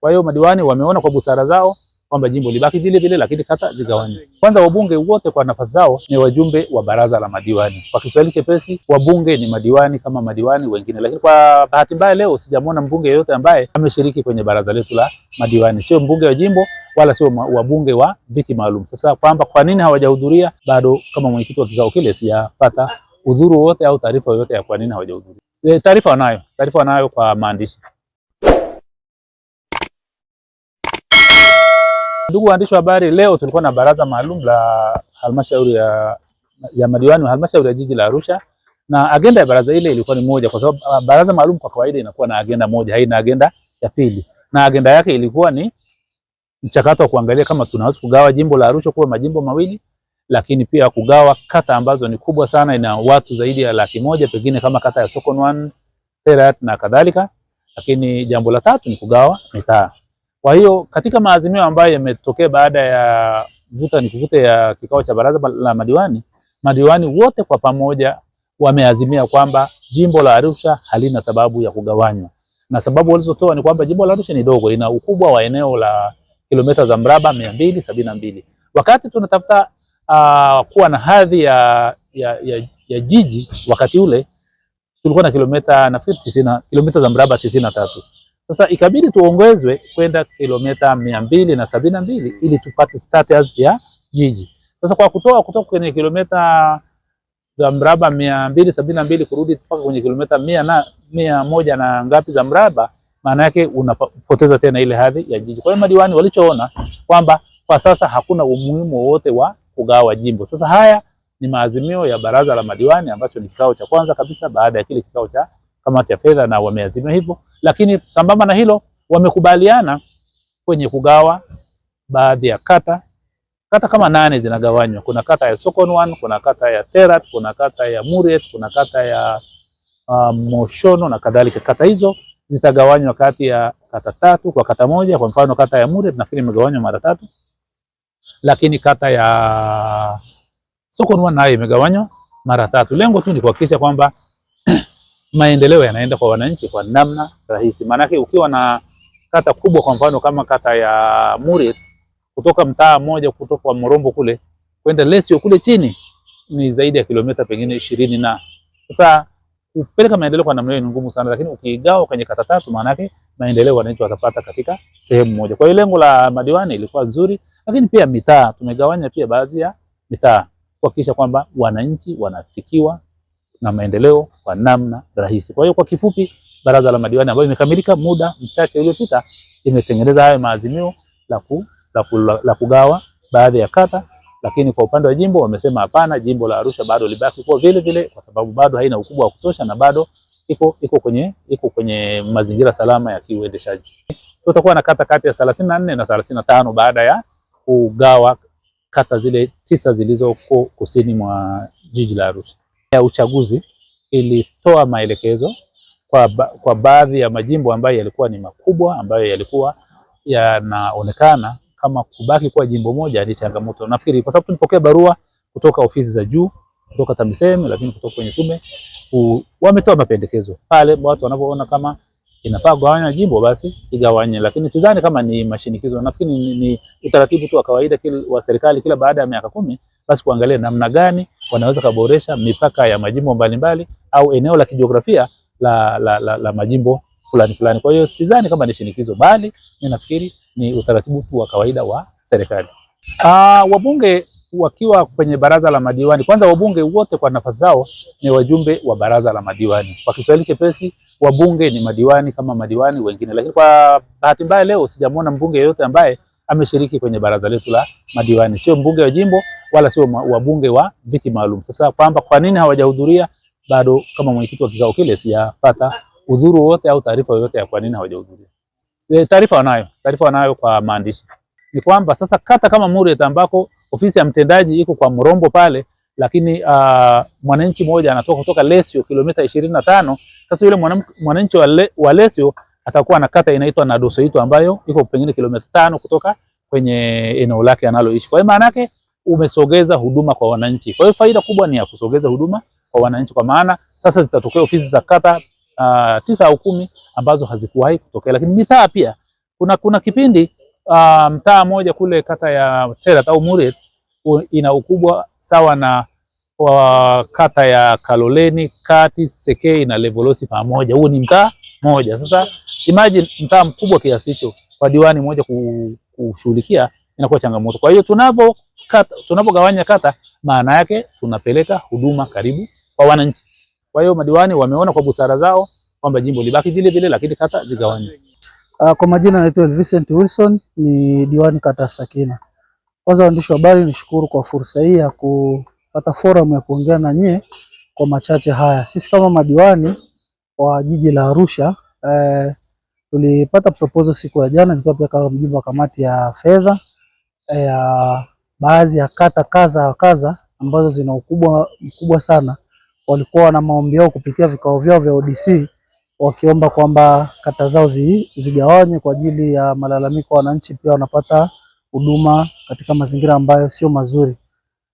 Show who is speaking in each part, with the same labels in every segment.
Speaker 1: Kwa hiyo madiwani wameona kwa busara zao kwamba jimbo libaki vile vile, lakini kata zigawanywe. Kwanza wabunge wote kwa nafasi zao ni wajumbe wa baraza la madiwani. Kwa Kiswahili chepesi, wabunge ni madiwani kama madiwani wengine, lakini kwa bahati mbaya leo sijamwona mbunge yeyote ambaye ameshiriki kwenye baraza letu la madiwani, sio mbunge wa jimbo wala sio wabunge wa viti maalum. Sasa kwamba kwa nini hawajahudhuria, bado kama mwenyekiti wa kikao kile sijapata udhuru wote au taarifa yoyote ya kwa nini hawajahudhuria. E, taarifa wanayo, taarifa wanayo kwa maandishi Ndugu waandishi wa habari, leo tulikuwa na baraza maalum la halmashauri ya, ya madiwani wa halmashauri ya jiji la Arusha, na agenda ya baraza ile ilikuwa ni moja, kwa sababu ah, baraza maalum kwa kawaida inakuwa na agenda moja, haina agenda ya pili, na agenda yake ilikuwa ni mchakato wa kuangalia kama tunaweza kugawa jimbo la Arusha kuwa majimbo mawili, lakini pia kugawa kata ambazo ni kubwa sana, ina watu zaidi ya laki moja, pengine kama kata ya Sokoine, Terrat na kadhalika. Lakini jambo la tatu ni kugawa mitaa. Kwa hiyo katika maazimio ambayo yametokea baada ya vuta ni kuvute ya kikao cha baraza la madiwani, madiwani wote kwa pamoja wameazimia kwamba jimbo la Arusha halina sababu ya kugawanywa, na sababu walizotoa ni kwamba jimbo la Arusha ni dogo, ina ukubwa wa eneo la kilomita za mraba mia mbili sabini na mbili. Wakati tunatafuta uh, kuwa na hadhi ya, ya, ya, ya jiji wakati ule tulikuwa na kilomita nafikiri kilomita za mraba tisini na tatu. Sasa ikabidi tuongezwe kwenda kilomita mia mbili na sabini na mbili ili tupate status ya jiji. Sasa kwa kutoa kutoka kwenye kilomita za mraba mia mbili sabini na mbili kurudi mpaka kwenye kilomita mia na mia moja na ngapi za mraba, maana yake unapoteza tena ile hadhi ya jiji. Kwa hiyo madiwani walichoona kwamba kwa sasa hakuna umuhimu wowote wa kugawa jimbo. Sasa haya ni maazimio ya baraza la madiwani ambacho ni kikao cha kwanza kabisa baada ya kile kikao cha kamati ya fedha na wameazimia hivyo, lakini sambamba na hilo wamekubaliana kwenye kugawa baadhi ya kata kata kama nane zinagawanywa. Kuna kata ya Sokon One, kuna kata ya Terat, kuna kata ya Muriet, kuna kata ya uh, Moshono na kadhalika. Kata hizo zitagawanywa kati ya kata tatu kwa kata moja. Kwa mfano kata ya Muriet nafikiri imegawanywa mara tatu, lakini kata ya Sokon One nayo imegawanywa mara tatu. Lengo tu ni kuhakikisha kwamba maendeleo yanaenda kwa wananchi kwa namna rahisi. Maanake ukiwa na kata kubwa, kwa mfano kama kata ya Murit, kutoka mtaa mmoja kutoka Morombo kule kwenda Lesio kule chini ni zaidi ya kilomita pengine ishirini, na sasa kupeleka maendeleo kwa namna hiyo ni ngumu sana, lakini ukigawa kwenye kata tatu, yake maendeleo wananchi watapata katika sehemu moja. Kwa hiyo lengo la madiwani ilikuwa nzuri, lakini pia mitaa tumegawanya pia baadhi ya mitaa kuhakikisha kwamba wananchi wanafikiwa na maendeleo kwa namna rahisi. Kwa hiyo kwa kifupi, baraza la madiwani ambayo imekamilika muda mchache uliopita imetengeneza hayo maazimio la, ku, la, ku, la, la kugawa baadhi ya kata, lakini kwa upande wa jimbo wamesema hapana, jimbo la Arusha bado libaki kwa vile vile kwa sababu bado haina ukubwa wa kutosha na bado iko iko kwenye iko kwenye mazingira salama ya kiuendeshaji. Tutakuwa na kata kati ya 34 na 35 baada ya kugawa kata zile tisa zilizoko kusini mwa jiji la Arusha ya uchaguzi ilitoa maelekezo kwa, ba kwa baadhi ya majimbo ambayo yalikuwa ni makubwa ambayo yalikuwa yanaonekana kama kubaki kwa jimbo moja ni changamoto. Nafikiri kwa sababu tulipokea barua kutoka ofisi za juu, kutoka TAMISEMI, lakini kutoka kwenye tume, wametoa mapendekezo pale watu wanapoona kama inafaa kugawanya jimbo basi igawanye, lakini sidhani kama ni mashinikizo. Nafikiri ni, ni utaratibu tu wa kawaida wa serikali kila baada ya miaka kumi basi kuangalia namna gani wanaweza kuboresha mipaka ya majimbo mbalimbali mbali, au eneo la kijiografia la, la, la, la majimbo fulani fulani. Kwa hiyo sidhani kama ni shinikizo, bali nafikiri ni utaratibu tu wa kawaida wa serikali. Ah, wabunge wakiwa kwenye baraza la madiwani, kwanza wabunge wote kwa nafasi zao ni wajumbe wa baraza la madiwani. Kwa Kiswahili chepesi, wabunge ni madiwani kama madiwani wengine, lakini kwa bahati mbaya leo sijamuona mbunge yeyote ambaye ameshiriki kwenye baraza letu la madiwani, sio mbunge wa jimbo wala sio wabunge wa viti maalum. Sasa kwamba kwa nini hawajahudhuria, bado kama mwenyekiti wa kikao kile sijapata udhuru wote au taarifa yoyote ya kwa nini hawajahudhuria. E, taarifa wanayo, taarifa wanayo kwa maandishi ni kwamba sasa kata kama Muriet ambako ofisi ya mtendaji iko kwa Mrombo pale, lakini uh, mwananchi mmoja anatoka kutoka Lesio kilomita ishirini na tano. Sasa yule mwananchi wa, le, wa Lesio atakuwa na kata inaitwa Nadosoito ambayo iko pengine kilomita tano kutoka kwenye eneo lake analoishi. Kwa hiyo maana yake umesogeza huduma kwa wananchi. Kwa hiyo faida kubwa ni ya kusogeza huduma kwa wananchi, kwa maana sasa zitatokea ofisi za kata uh, tisa au kumi ambazo hazikuwahi kutokea. Lakini mitaa pia kuna, kuna kipindi uh, mtaa moja kule kata ya Terat au Muriet ina ukubwa sawa na wa kata ya Kaloleni, Kati, Sekei na Levolosi pamoja. Huo ni mtaa moja. Sasa imagine mtaa mkubwa kiasi hicho kwa diwani moja kushughulikia inakuwa changamoto. Kwa hiyo tunapo kata, tunapogawanya kata, maana yake tunapeleka huduma karibu kwa wananchi. Kwa hiyo madiwani wameona kwa busara zao kwamba jimbo libaki zile vile, lakini kata zigawanywe.
Speaker 2: Ah, kwa majina naitwa Vincent Wilson, ni diwani kata Sakina. Kwanza waandishi wa habari, nishukuru kwa fursa hii ya ku kupata forum ya kuongea na nyie kwa machache haya. Sisi kama madiwani wa jiji la Arusha eh, tulipata proposal siku ya jana, nilikuwa pia kama mjumbe wa kamati ya fedha eh, ya baadhi ya kata kaza kaza ambazo zina ukubwa mkubwa sana, walikuwa na maombi yao kupitia vikao vyao vya ODC wakiomba kwamba kata zao zi, zigawanywe kwa ajili ya malalamiko, wananchi pia wanapata huduma katika mazingira ambayo sio mazuri.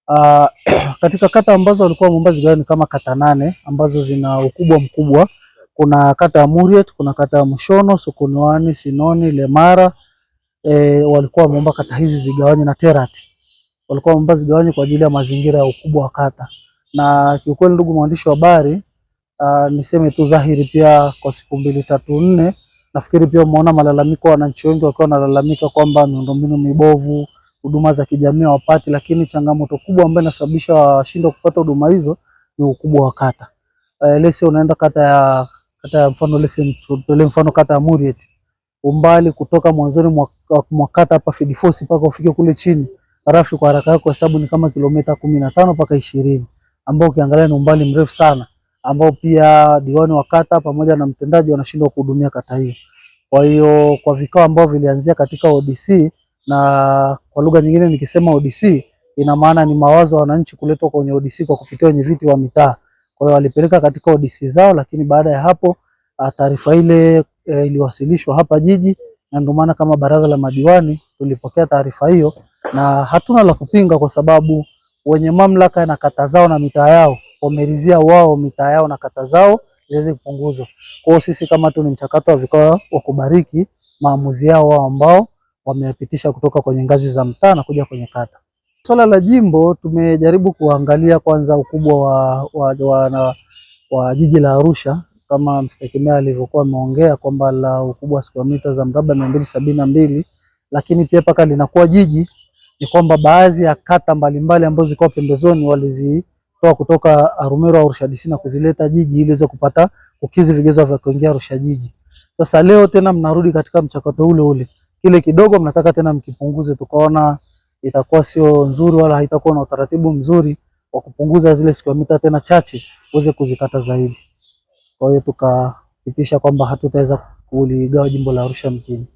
Speaker 2: Uh, katika kata ambazo walikuwa wameomba gani kama kata nane ambazo zina ukubwa mkubwa. Kuna kata ya Muriet, kuna kata ya Mshono, Sukunwani, Sinoni, Lemara. E, walikuwa wameomba kata hizi zigawanywe na Terat. Walikuwa wameomba zigawanywe kwa ajili ya mazingira ya ukubwa wa kata. Na kiukweli, ndugu mwandishi wa habari, uh, niseme tu dhahiri pia kwa siku mbili tatu nne, nafikiri pia umeona malalamiko, wananchi wengi wakiwa wanalalamika kwamba miundombinu mibovu huduma za kijamii hawapati, lakini changamoto kubwa ambayo inasababisha washindwa kupata huduma hizo ni ukubwa wa kata. Uh, eh, lesi unaenda kata ya kata ya mfano lesi tutolee mfano kata ya Muriet, umbali kutoka mwanzoni mwa, mwa kata hapa Field Force mpaka ufike kule chini rafu, kwa haraka yako hesabu ni kama kilomita 15 mpaka 20 ambao ukiangalia ni umbali mrefu sana ambao pia diwani wa kata pamoja na mtendaji wanashindwa kuhudumia kata hiyo. Kwa hiyo kwa vikao ambao vilianzia katika ODC na kwa lugha nyingine nikisema ODC ina maana ni mawazo ya wananchi kuletwa kwenye ODC kwa kupitia wenye viti wa mitaa. Kwa hiyo walipeleka katika ODC zao, lakini baada ya hapo ah, taarifa ile e, iliwasilishwa hapa jiji, na ndio maana kama baraza la madiwani tulipokea taarifa hiyo, na hatuna la kupinga, kwa sababu wenye mamlaka na kata zao na mitaa yao wamerizia wao mitaa yao na kata zao ziweze kupunguzwa. Kwa hiyo sisi kama tu ni mchakato wa vikao wa kubariki maamuzi yao wao ambao wamepitisha kutoka kwenye ngazi za mtaa na kuja kwenye kata. Swala la jimbo tumejaribu kuangalia kwanza ukubwa wa, wa, wa, wa, wa jiji la Arusha kama mstakimea alivyokuwa ameongea kwamba la ukubwa wa kilomita za mraba mia mbili sabini na mbili lakini pia paka linakuwa jiji ni kwamba baadhi ya kata mbalimbali ambazo zilikuwa pembezoni walizitoa kutoka Arumeru Arusha DC na kuzileta jiji ili ziweze kupata kukizi vigezo vya kuingia Arusha jiji. Sasa leo tena mnarudi katika mchakato ule ule kile kidogo mnataka tena mkipunguze, tukaona itakuwa sio nzuri wala haitakuwa na utaratibu mzuri wa kupunguza zile square mita tena chache uweze kuzikata zaidi. Kwa hiyo tukapitisha kwamba hatutaweza kuligawa jimbo la Arusha mjini.